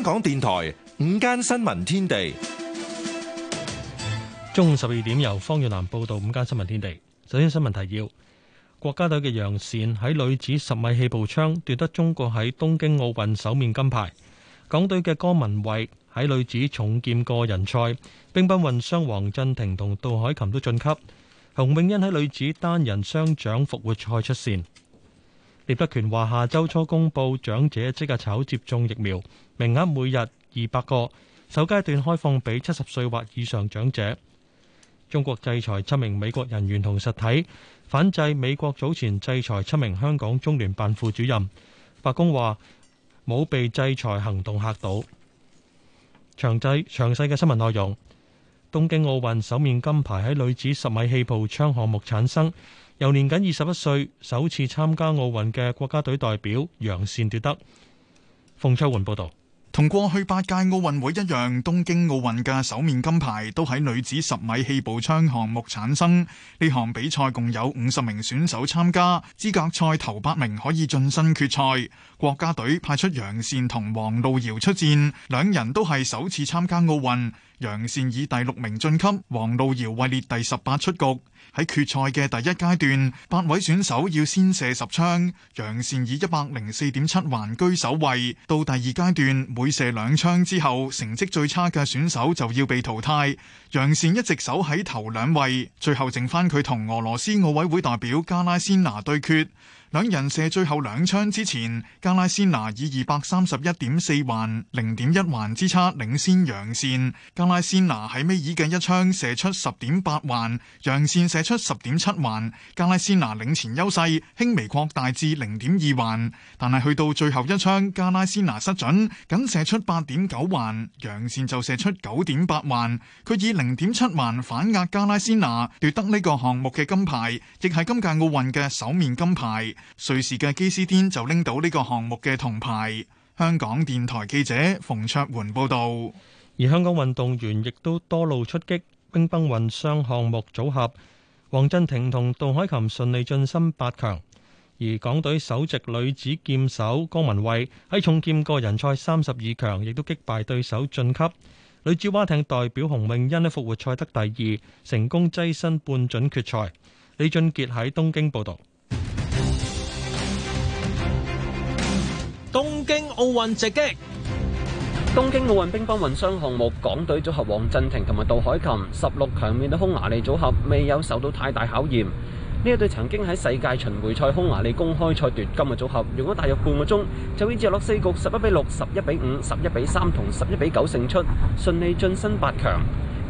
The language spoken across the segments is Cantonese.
香港電台午間新聞天地，中午十二點由方月蘭報道午間新聞天地。首先新聞提要：國家隊嘅楊善喺女子十米氣步槍奪得中國喺東京奧運首面金牌；港隊嘅江文慧喺女子重劍個人賽，乒乓混雙黃鎮廷同杜海琴都晉級；洪永恩喺女子單人雙槳復活賽出線。聶德權話：下周初公布長者即日炒接種疫苗，名額每日二百個，首階段開放俾七十歲或以上長者。中國制裁七名美國人員同實體，反制美國早前制裁七名香港中聯辦副主任。白宮話冇被制裁行動吓到。詳細詳細嘅新聞內容，東京奧運首面金牌喺女子十米氣步槍項目產生。由年僅二十一歲、首次參加奧運嘅國家隊代表楊倩奪得。馮秋雲報導，同過去八屆奧運會一樣，東京奧運嘅首面金牌都喺女子十米氣步槍項目產生。呢項比賽共有五十名選手參加，資格賽頭八名可以晉身決賽。國家隊派出楊倩同黃璐瑤出戰，兩人都係首次參加奧運。楊善以第六名晉級，王露瑤位列第十八出局。喺決賽嘅第一階段，八位選手要先射十槍，楊善以一百零四點七環居首位。到第二階段，每射兩槍之後，成績最差嘅選手就要被淘汰。楊善一直守喺頭兩位，最後剩返佢同俄羅斯奧委會代表加拉先拿對決。兩人射最後兩槍之前，加拉先拿以二百三十一點四環零點一環之差領先洋線。加拉先拿喺尾二嘅一槍射出十點八環，洋線射出十點七環，加拉先拿領前優勢輕微擴大至零點二環。但係去到最後一槍，加拉先拿失準，僅射出八點九環，洋線就射出九點八環，佢以零點七環反壓加拉先拿，奪得呢個項目嘅金牌，亦係今屆奧運嘅首面金牌。瑞士嘅基斯天就拎到呢個項目嘅銅牌。香港電台記者馮卓桓報道。而香港運動員亦都多路出擊，乒乓運雙項目組合黃振廷同杜海琴順利晉身八強。而港隊首席女子劍手江文蔚喺重劍個人賽三十二強亦都擊敗對手晉級。女子蛙艇代表洪永欣喺復活賽得第二，成功躋身半準決賽。李俊杰喺東京報道。奧運直擊，東京奧運乒乓混雙項目，港隊組合黃振廷同埋杜海琴十六強面對匈牙利組合，未有受到太大考驗。呢一隊曾經喺世界巡迴賽匈牙利公開賽奪金嘅組合，用咗大約半個鐘，就以直落四局十一比六、十一比五、十一比三同十一比九勝出，順利晉身八強。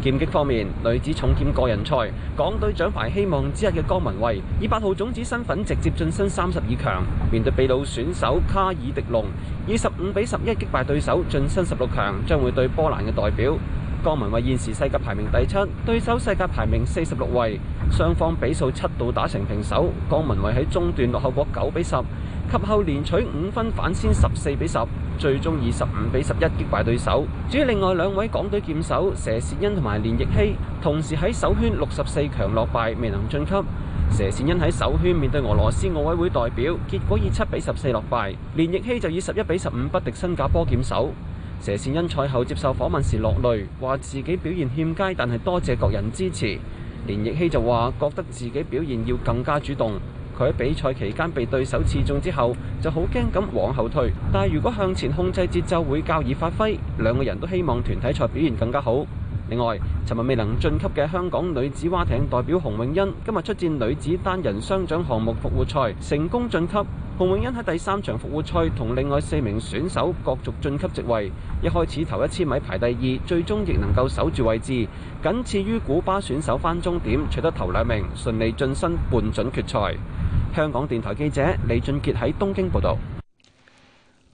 劍擊方面，女子重劍個人賽，港隊獎牌希望之一嘅江文蔚以八號種子身份直接晉身三十二強，面對秘魯選手卡爾迪隆，以十五比十一擊敗對手，晉身十六強，將會對波蘭嘅代表江文蔚。現時世界排名第七，對手世界排名四十六位，雙方比數七度打成平手，江文蔚喺中段落後過九比十。及後連取五分反先十四比十，最終以十五比十一擊敗對手。至於另外兩位港隊劍手佘善恩同埋連奕希，同時喺首圈六十四強落敗，未能晉級。佘善恩喺首圈面對俄羅斯奧委會代表，結果以七比十四落敗。連奕希就以十一比十五不敵新加坡劍手。佘善恩賽後接受訪問時落淚，話自己表現欠佳，但係多謝各人支持。連奕希就話覺得自己表現要更加主動。佢喺比賽期間被對手刺中之後，就好驚咁往後退。但係如果向前控制節奏，會較易發揮。兩個人都希望團體賽表現更加好。另外，尋日未能晉級嘅香港女子蛙艇代表洪永恩，今日出戰女子單人雙槳項目復活賽，成功晉級。洪永恩喺第三場復活賽同另外四名選手角逐晉級席位，一開始頭一千米排第二，最終亦能夠守住位置，僅次於古巴選手翻終點取得頭兩名，順利晉身半準決賽。香港電台記者李俊杰喺東京報道，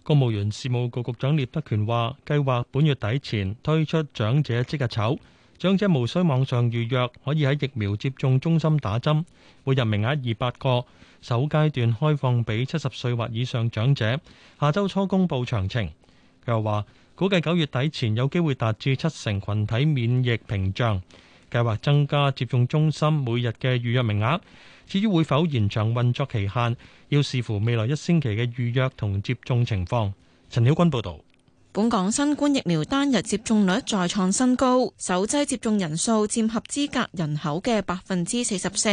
公務員事務局局長聶德權話，計劃本月底前推出長者即日籌，長者無需網上預約，可以喺疫苗接種中心打針，每日名額二百個，首階段開放俾七十歲或以上長者，下周初公布詳情。佢又話，估計九月底前有機會達至七成群體免疫屏障。計劃增加接種中心每日嘅預約名額，至於會否延長運作期限，要視乎未來一星期嘅預約同接種情況。陳曉君報道。本港新冠疫苗單日接種率再創新高，首劑接種人數占合資格人口嘅百分之四十四。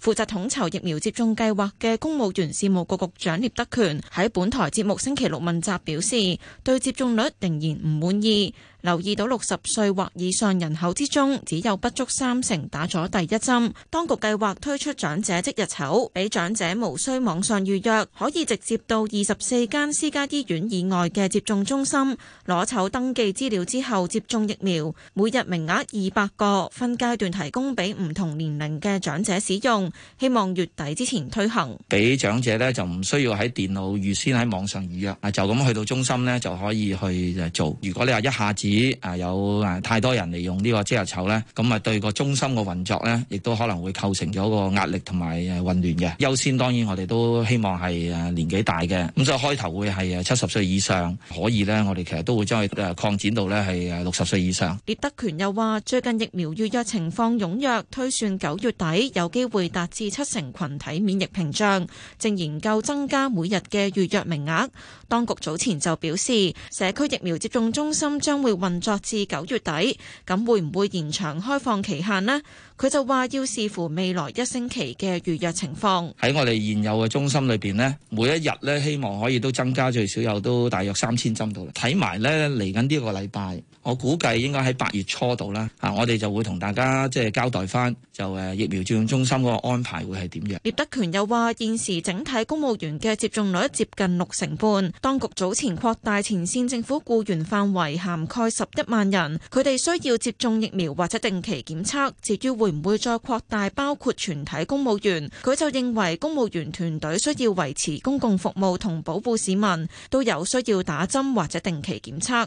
負責統籌疫苗接種計劃嘅公務員事務局局長聶德權喺本台節目星期六問責表示，對接種率仍然唔滿意，留意到六十歲或以上人口之中，只有不足三成打咗第一針。當局計劃推出長者即日籌，俾長者無需網上預約，可以直接到二十四間私家醫院以外嘅接種中心攞籌登記資料之後接種疫苗，每日名額二百個，分階段提供俾唔同年齡嘅長者使用。希望月底之前推行，俾長者咧就唔需要喺電腦預先喺網上預約，就咁去到中心咧就可以去做。如果你話一下子啊有啊太多人利用呢個即日籌咧，咁啊對個中心個運作咧，亦都可能會構成咗個壓力同埋誒混亂嘅。優先當然我哋都希望係誒年紀大嘅，咁所以開頭會係七十歲以上可以咧，我哋其實都會將佢誒擴展到咧係六十歲以上。聶德權又話，最近疫苗預約情況踊躍，推算九月底有機會。達至七成群體免疫屏障，正研究增加每日嘅預約名額。當局早前就表示，社區疫苗接種中心將會運作至九月底，咁會唔會延長開放期限呢？佢就話要視乎未來一星期嘅預約情況。喺我哋現有嘅中心裏邊呢，每一日呢，希望可以都增加最少有都大約三千針到。睇埋呢嚟緊呢個禮拜。我估計應該喺八月初度啦，啊，我哋就會同大家即係交代翻，就誒疫苗接種中心嗰個安排會係點樣。聶德權又話：現時整體公務員嘅接種率接近六成半，當局早前擴大前線政府雇員範圍，涵蓋十一萬人，佢哋需要接種疫苗或者定期檢測。至於會唔會再擴大包括全體公務員，佢就認為公務員團隊需要維持公共服務同保護市民都有需要打針或者定期檢測。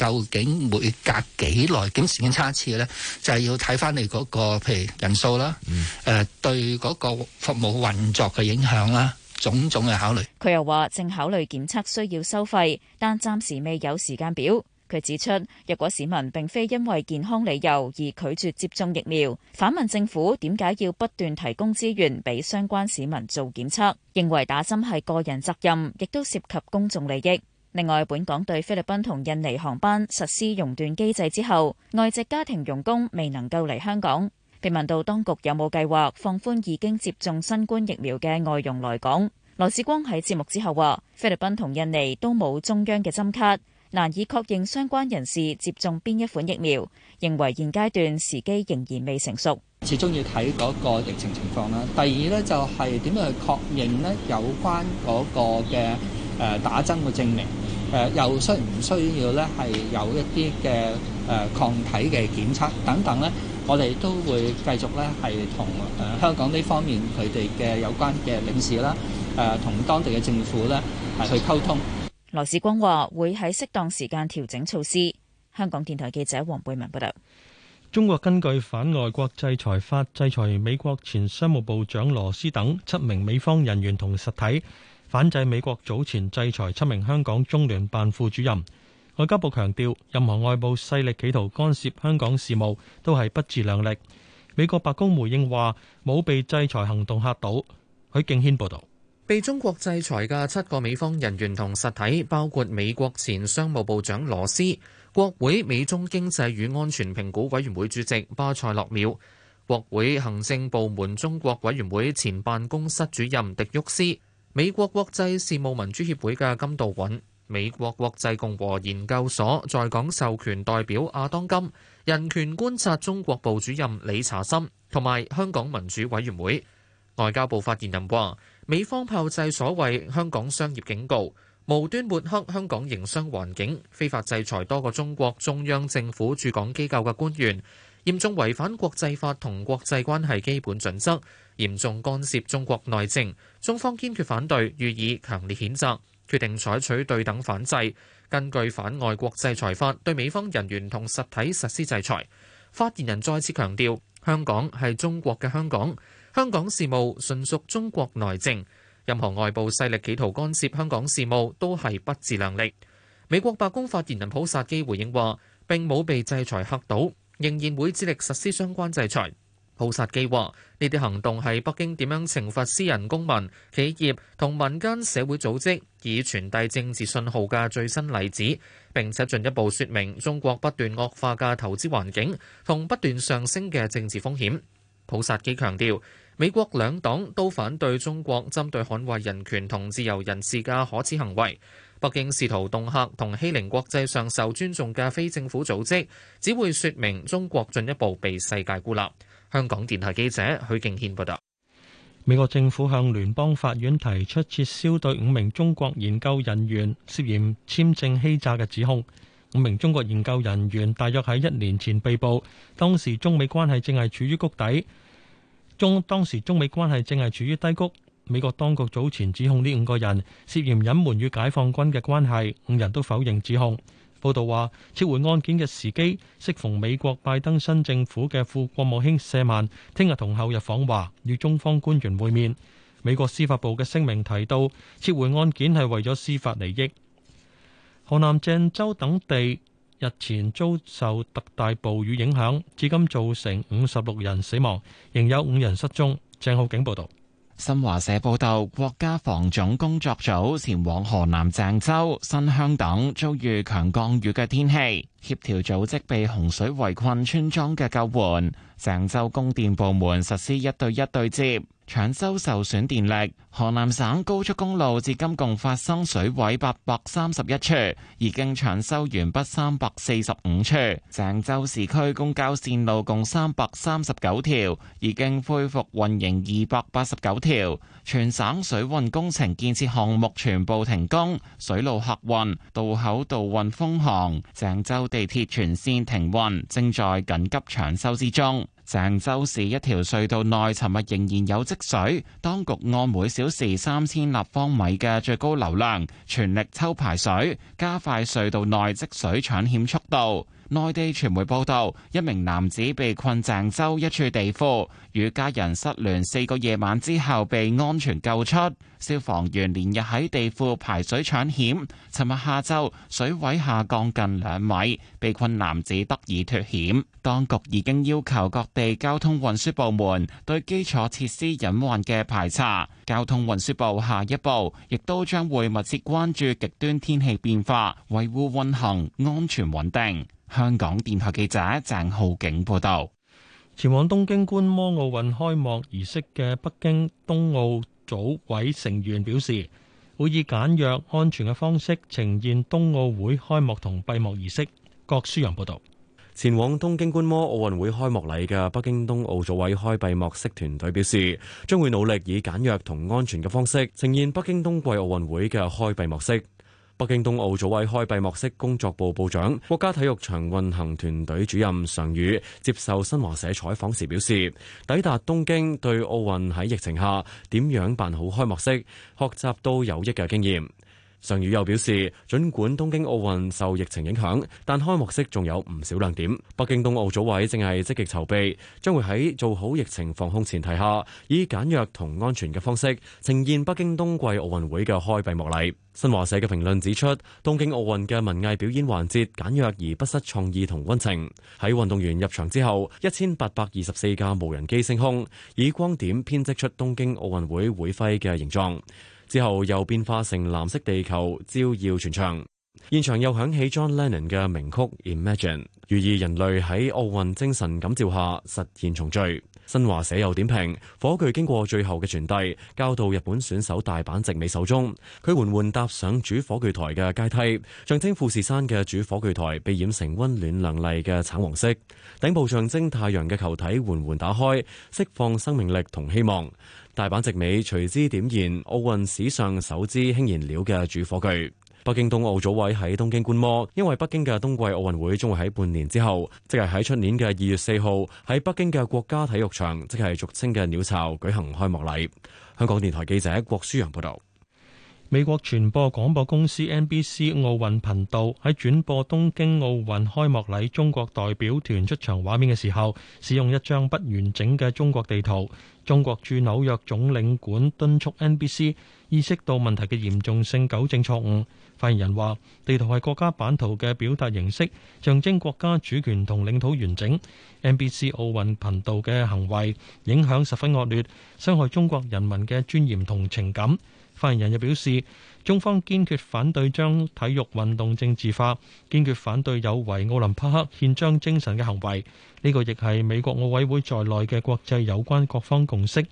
究竟每隔幾耐、幾時間測一次咧，就係要睇翻你嗰個，譬如人數啦，嗯，誒對嗰個服務運作嘅影響啦，種種嘅考慮。佢又話正考慮檢測需要收費，但暫時未有時間表。佢指出，若果市民並非因為健康理由而拒絕接種疫苗，反問政府點解要不斷提供資源俾相關市民做檢測，認為打針係個人責任，亦都涉及公眾利益。另外，本港對菲律賓同印尼航班實施熔斷機制之後，外籍家庭傭工未能夠嚟香港。被問到當局有冇計劃放寬已經接種新冠疫苗嘅外傭來港，羅致光喺節目之後話：菲律賓同印尼都冇中央嘅針卡，難以確認相關人士接種邊一款疫苗，認為現階段時機仍然未成熟。始終要睇嗰個疫情情況啦。第二呢就係點樣去確認呢有關嗰個嘅。誒打針嘅證明，誒、呃、又需唔需要咧？係有一啲嘅誒抗體嘅檢測等等呢，我哋都會繼續呢係同誒、呃、香港呢方面佢哋嘅有關嘅領事啦，誒、呃、同當地嘅政府呢係、啊、去溝通。羅致光話：會喺適當時間調整措施。香港電台記者黃貝文報道。中國根據反外國制裁法制裁美國前商務部長羅斯等七名美方人員同實體。反制美國早前制裁七名香港中聯辦副主任，外交部強調，任何外部勢力企圖干涉香港事務都係不自量力。美國白宮回應話，冇被制裁行動嚇到。許敬軒報導，被中國制裁嘅七個美方人員同實體，包括美國前商務部長羅斯、國會美中經濟與安全評估委員會主席巴塞洛繆、國會行政部門中國委員會前辦公室主任迪沃斯。美國國際事務民主協會嘅金道允、美國國際共和研究所在港授權代表阿當金、人權觀察中國部主任李查森，同埋香港民主委員會。外交部發言人話：美方炮製所謂香港商業警告，無端抹黑香港營商環境，非法制裁多個中國中央政府駐港機構嘅官員。嚴重違反國際法同國際關係基本準則，嚴重干涉中國內政，中方堅決反對，予以強烈譴責，決定採取對等反制。根據反外國制裁法，對美方人員同實體實施制裁。發言人再次強調，香港係中國嘅香港，香港事務純屬中國內政，任何外部勢力企圖干涉香港事務都係不自量力。美國白宮發言人普薩基回應話：並冇被制裁嚇倒。仍然會致力實施相關制裁。普薩基話：呢啲行動係北京點樣懲罰私人公民、企業同民間社會組織，以傳遞政治信號嘅最新例子。並且進一步説明中國不斷惡化嘅投資環境同不斷上升嘅政治風險。普薩基強調。美國兩黨都反對中國針對捍衛人權同自由人士嘅可恥行為。北京試圖恫嚇同欺凌國際上受尊重嘅非政府組織，只會說明中國進一步被世界孤立。香港電台記者許敬軒報道。美國政府向聯邦法院提出撤銷對五名中國研究人員涉嫌簽證欺詐嘅指控。五名中國研究人員大約喺一年前被捕，當時中美關係正係處於谷底。中當時中美關係正係處於低谷，美國當局早前指控呢五個人涉嫌隱瞞與解放軍嘅關係，五人都否認指控。報道話撤回案件嘅時機，適逢美國拜登新政府嘅副國務卿謝曼聽日同後日訪華與中方官員會面。美國司法部嘅聲明提到，撤回案件係為咗司法利益。河南鄭州等地，日前遭受特大暴雨影響，至今造成五十六人死亡，仍有五人失蹤。鄭浩景報道。新華社報道，國家防總工作組前往河南鄭州、新鄉等遭遇強降雨嘅天氣，協調組織被洪水圍困村莊嘅救援。鄭州供電部門實施一對一對接。搶修受損電力，河南省高速公路至今共發生水毀八百三十一處，已經搶修完畢三百四十五處。鄭州市區公交線路共三百三十九條，已經恢復運營二百八十九條。全省水運工程建設項目全部停工，水路客運、渡口渡運封航，鄭州地鐵全線停運，正在緊急搶修之中。鄭州市一條隧道內，尋日仍然有積水，當局按每小時三千立方米嘅最高流量，全力抽排水，加快隧道內積水搶險速度。內地傳媒報道，一名男子被困鄭州一處地庫，與家人失聯四個夜晚之後被安全救出。消防員連日喺地庫排水搶險，尋日下晝水位下降近兩米，被困男子得以脫險。當局已經要求各地交通運輸部門對基礎設施隱患嘅排查。交通運輸部下一步亦都將會密切關注極端天氣變化，維護運行安全穩定。香港電台記者鄭浩景報道，前往東京觀摩奧運開幕儀式嘅北京冬奧組委成員表示，會以簡約安全嘅方式呈現冬奧會開幕同閉幕儀式。郭書陽報道，前往東京觀摩奧運會開幕禮嘅北京冬奧組委開閉幕式團隊表示，將會努力以簡約同安全嘅方，方式呈現北京冬季奧運會嘅開閉幕，幕式。北京冬奧組委開閉幕式工作部部長、國家體育場運行團隊主任常宇接受新華社採訪時表示：抵達東京，對奧運喺疫情下點樣辦好開幕式，學習到有益嘅經驗。常宇又表示，儘管東京奧運受疫情影響，但開幕式仲有唔少亮點。北京冬奧組委正係積極籌備，將會喺做好疫情防控前提下，以簡約同安全嘅方式呈現北京冬季奧運會嘅開閉幕禮。新華社嘅評論指出，東京奧運嘅文藝表演環節簡約而不失創意同溫情。喺運動員入場之後，一千八百二十四架無人機升空，以光點編織出東京奧運會會徽嘅形狀。之後又變化成藍色地球照耀全場，現場又響起 John Lennon 嘅名曲《Imagine》，寓意人類喺奧運精神感召下實現重聚。新華社又點評：火炬經過最後嘅傳遞，交到日本選手大阪直美手中。佢緩緩踏上主火炬台嘅階梯，象徵富士山嘅主火炬台被染成溫暖亮麗嘅橙黃色，頂部象徵太陽嘅球體緩緩打開，釋放生命力同希望。大阪直美隨之點燃奧運史上首支氫燃料嘅主火炬。北京冬奧組委喺東京觀摩，因為北京嘅冬季奧運會將會喺半年之後，即係喺出年嘅二月四號，喺北京嘅國家體育場，即係俗稱嘅鳥巢舉行開幕禮。香港電台記者郭舒揚報道。美國傳播廣播公司 NBC 奧運頻道喺轉播東京奧運開幕禮中國代表團出場畫面嘅時候，使用一張不完整嘅中國地圖。中國駐紐約總領館敦促 NBC 意識到問題嘅嚴重性，糾正錯誤。發言人話：地圖係國家版圖嘅表達形式，象徵國家主權同領土完整。NBC 奧運頻道嘅行為影響十分惡劣，傷害中國人民嘅尊嚴同情感。發言人又表示，中方堅決反對將體育運動政治化，堅決反對有違奧林匹克憲章精神嘅行為。呢個亦係美國奧委會在內嘅國際有關各方共識。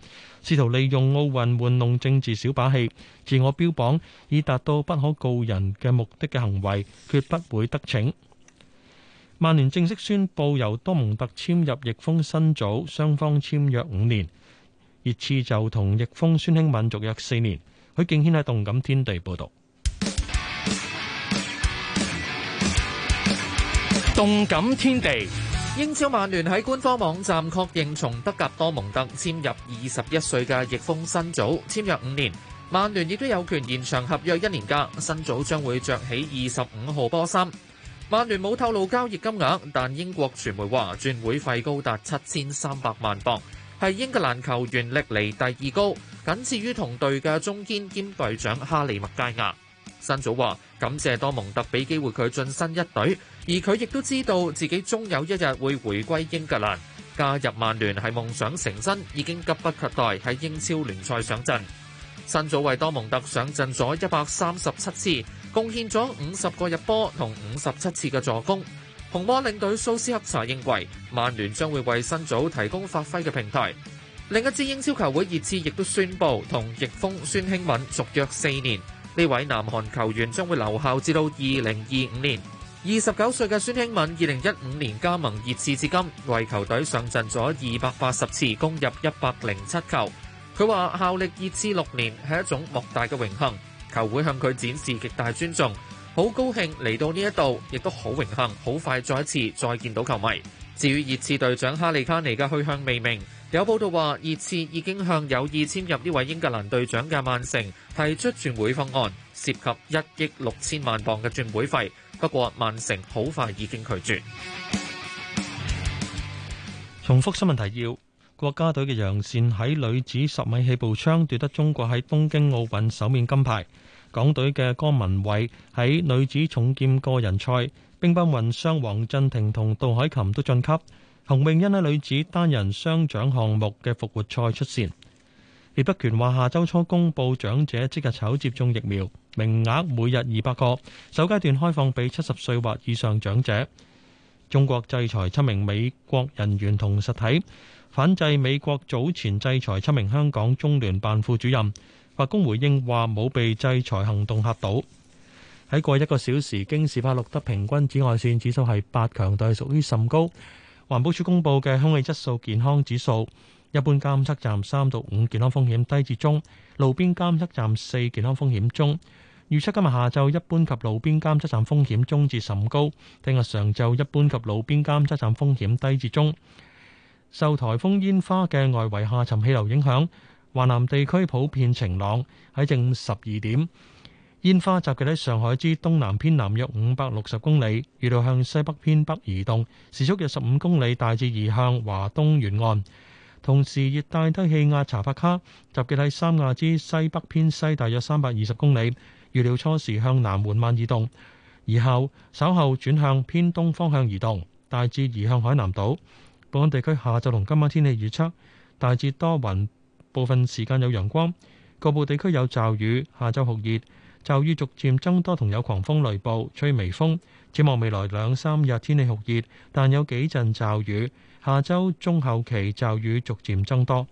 試圖利用奧運玩弄政治小把戲、自我標榜，以達到不可告人嘅目的嘅行為，絕不會得逞。曼聯正式宣布由多蒙特簽入翼鋒辛祖，雙方簽約五年。熱刺就同翼鋒孫興慜續約四年。許敬軒喺動感天地報道。動感天地，英超曼聯喺官方網站確認從德甲多蒙特簽入二十一歲嘅翼鋒辛祖，簽約五年。曼聯亦都有權延長合約一年假，價，辛祖將會着起二十五號波衫。曼聯冇透露交易金額，但英國傳媒話轉會費高達七千三百萬鎊。係英格蘭球員歷嚟第二高，僅次於同隊嘅中堅兼隊長哈利·麥佳亞。新祖話感謝多蒙特俾機會佢進身一隊，而佢亦都知道自己終有一日會回歸英格蘭。加入曼聯係夢想成真，已經急不及待喺英超聯賽上陣。新祖為多蒙特上陣咗一百三十七次，貢獻咗五十個入波同五十七次嘅助攻。紅魔領隊蘇斯克查認為，曼聯將會為新組提供發揮嘅平台。另一支英超球會熱刺亦都宣布同翼鋒孫興敏續約四年。呢位南韓球員將會留效至到二零二五年。二十九歲嘅孫興敏，二零一五年加盟熱刺至今，為球隊上陣咗二百八十次，攻入一百零七球。佢話效力熱刺六年係一種莫大嘅榮幸，球會向佢展示極大尊重。好高興嚟到呢一度，亦都好榮幸，好快再一次再見到球迷。至於熱刺隊長哈利卡尼嘅去向未明，有報道話熱刺已經向有意簽入呢位英格蘭隊長嘅曼城提出轉會方案，涉及一億六千萬鎊嘅轉會費，不過曼城好快已經拒絕。重複新聞提要：國家隊嘅楊倩喺女子十米氣步槍奪得中國喺東京奧運首面金牌。港隊嘅江旻憓喺女子重劍個人賽，乒乓混雙黃鎮廷同杜凱琹都晉級。洪詠甄喺女子單人雙槳項目嘅復活賽出線。聶德權話：下周初公布長者即日籌接種疫苗，名額每日二百個，首階段開放俾七十歲或以上長者。中國制裁七名美國人員同實體，反制美國早前制裁七名香港中聯辦副主任。白宮回應話冇被制裁行動吓到。喺過一個小時，京士柏錄得平均紫外線指數係八，強度係屬於甚高。環保署公布嘅空氣質素健康指數，一般監測站三到五，健康風險低至中；路邊監測站四，健康風險中。預測今日下晝一般及路邊監測站風險中至甚高。聽日上晝一般及路邊監測站風險低至中。受台風煙花嘅外圍下沉氣流影響。華南地區普遍晴朗。喺正十二點，煙花集結喺上海之東南偏南約五百六十公里，預料向西北偏北移動，時速約十五公里，大致移向華東沿岸。同時，熱帶低氣壓查帕卡集結喺三亞之西北偏西大約三百二十公里，預料初時向南緩慢移動，而後稍後轉向偏東方向移動，大致移向海南島。本港地區下晝同今晚天氣預測大致多雲。部分時間有陽光，局部地區有驟雨。下晝酷熱，驟雨逐漸增多，同有狂風雷暴，吹微風。展望未來兩三日天氣酷熱，但有幾陣驟雨。下周中後期驟雨逐漸增多。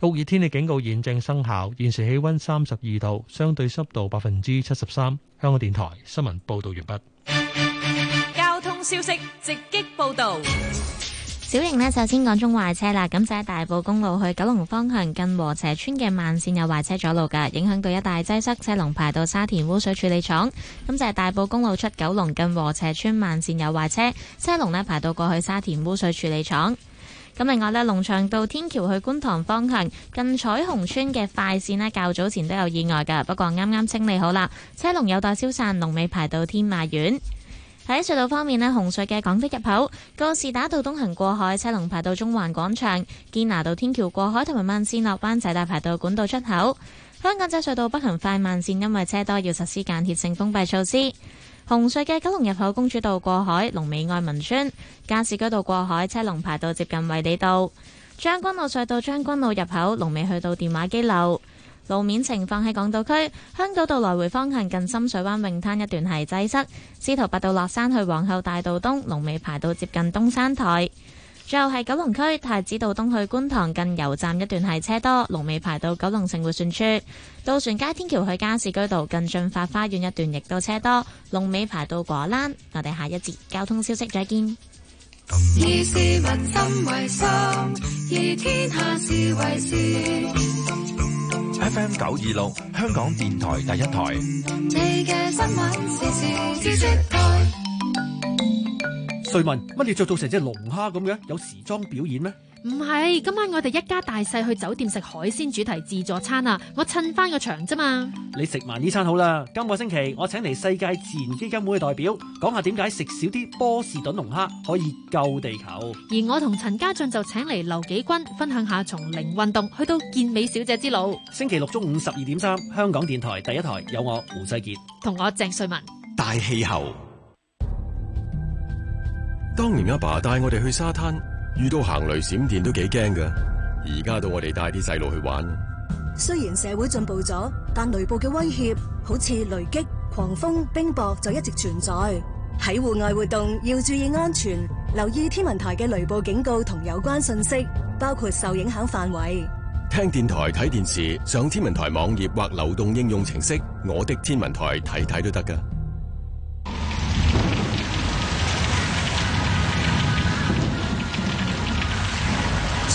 酷熱天氣警告現正生效。現時氣溫三十二度，相對濕度百分之七十三。香港電台新聞報道完畢。交通消息直擊報道。小型呢，首先講中壞車啦。咁就喺大埔公路去九龍方向，近和斜村嘅慢綫有壞車阻路噶，影響到一帶擠塞，車龍排到沙田污水處理廠。咁就係大埔公路出九龍近和斜村慢綫有壞車，車龍呢，排到過去沙田污水處理廠。咁另外呢，龍翔道天橋去觀塘方向，近彩虹村嘅快綫呢，較早前都有意外噶，不過啱啱清理好啦，車龍有待消散，龍尾排到天馬苑。喺隧道方面呢，紅隧嘅港鐵入口、告士打道東行過海，車龍排到中環廣場，堅拿道天橋過海，同埋慢線落灣仔大排到管道出口。香港仔隧道北行快慢線因為車多，要實施間歇性封閉措施。紅隧嘅九龍入口、公主道過海，龍尾愛民村，加士居道過海，車龍排到接近衛理道。將軍澳隧道將軍澳入口，龍尾去到電話機樓。路面情況喺港島區，香島道來回方向近深水灣泳灘一段係擠塞；司徒拔道落山去皇后大道東，龍尾排到接近東山台。最後係九龍區，太子道東去觀塘近油站一段係車多，龍尾排到九龍城迴旋處。渡船街天橋去加士居道近駿發花園一段亦都車多，龍尾排到果欄。我哋下一節交通消息再見。以事 FM 九二六，香港電台第一台。瑞文乜，你着 到成隻龍蝦咁嘅？有時裝表演咩？唔係，今晚我哋一家大細去酒店食海鮮主題自助餐啊。我襯翻個場啫嘛。你食埋呢餐好啦。今個星期我請嚟世界自然基金會嘅代表，講下點解食少啲波士頓龍蝦可以救地球。而我同陳家俊就請嚟劉紀君分享下從零運動去到健美小姐之路。星期六中午十二點三，香港電台第一台有我胡世杰同我鄭瑞文。大氣候，當年阿爸帶我哋去沙灘。遇到行雷閃電都幾驚㗎，而家到我哋帶啲細路去玩。雖然社會進步咗，但雷暴嘅威脅好似雷擊、狂風、冰雹就一直存在。喺戶外活動要注意安全，留意天文台嘅雷暴警告同有關信息，包括受影響範圍。聽電台、睇電視、上天文台網頁或流動應用程式《我的天文台》看看，睇睇都得㗎。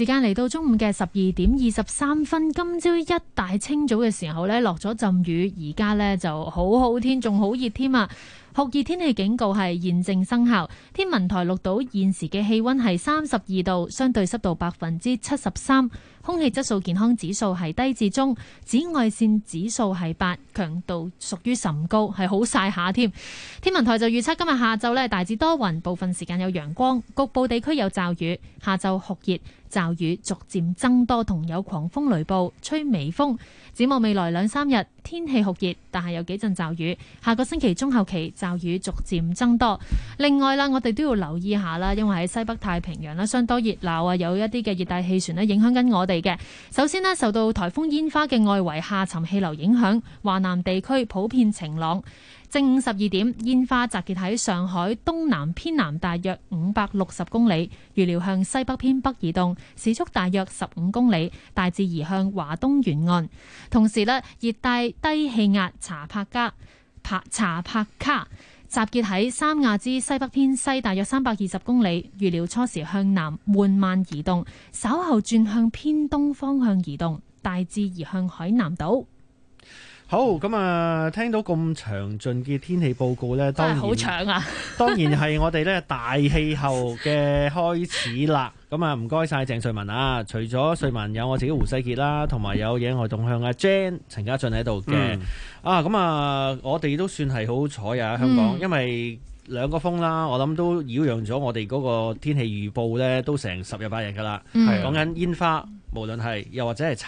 時間嚟到中午嘅十二點二十三分，今朝一大清早嘅時候呢，落咗陣雨，而家呢就好好天，仲好熱添啊！酷熱天氣警告係現正生效。天文台錄到現時嘅氣溫係三十二度，相對濕度百分之七十三，空氣質素健康指數係低至中，紫外線指數係八，強度屬於甚高，係好晒下添。天文台就預測今日下晝咧大致多雲，部分時間有陽光，局部地區有驟雨。下晝酷熱，驟雨逐漸增多，同有狂風雷暴，吹微風。展望未來兩三日。天氣酷熱，但係有幾陣驟雨。下個星期中後期驟雨逐漸增多。另外啦，我哋都要留意下啦，因為喺西北太平洋啦，相當熱鬧啊，有一啲嘅熱帶氣旋咧影響緊我哋嘅。首先咧，受到台風煙花嘅外圍下沉氣流影響，華南地區普遍晴朗。正午十二點，煙花集結喺上海東南偏南大約五百六十公里，預料向西北偏北移動，時速大約十五公里，大致移向華東沿岸。同時呢，熱帶低氣壓查帕加，帕，查帕卡集結喺三亞之西北偏西大約三百二十公里，預料初時向南緩慢移動，稍後轉向偏東方向移動，大致移向海南島。好咁啊、嗯！聽到咁詳盡嘅天氣報告呢，當然好長啊！ 當然係我哋呢大氣候嘅開始啦。咁啊，唔該晒鄭瑞文啊！除咗瑞文，有我自己胡世傑啦、啊，同埋有野外動向阿 Jan 陳家俊喺度嘅。嗯、啊，咁啊，我哋都算係好彩呀！香港，嗯、因為兩個風啦、啊，我諗都擾攘咗我哋嗰個天氣預報呢，都成十日八日噶啦。講緊、嗯嗯、煙花，無論係又或者係。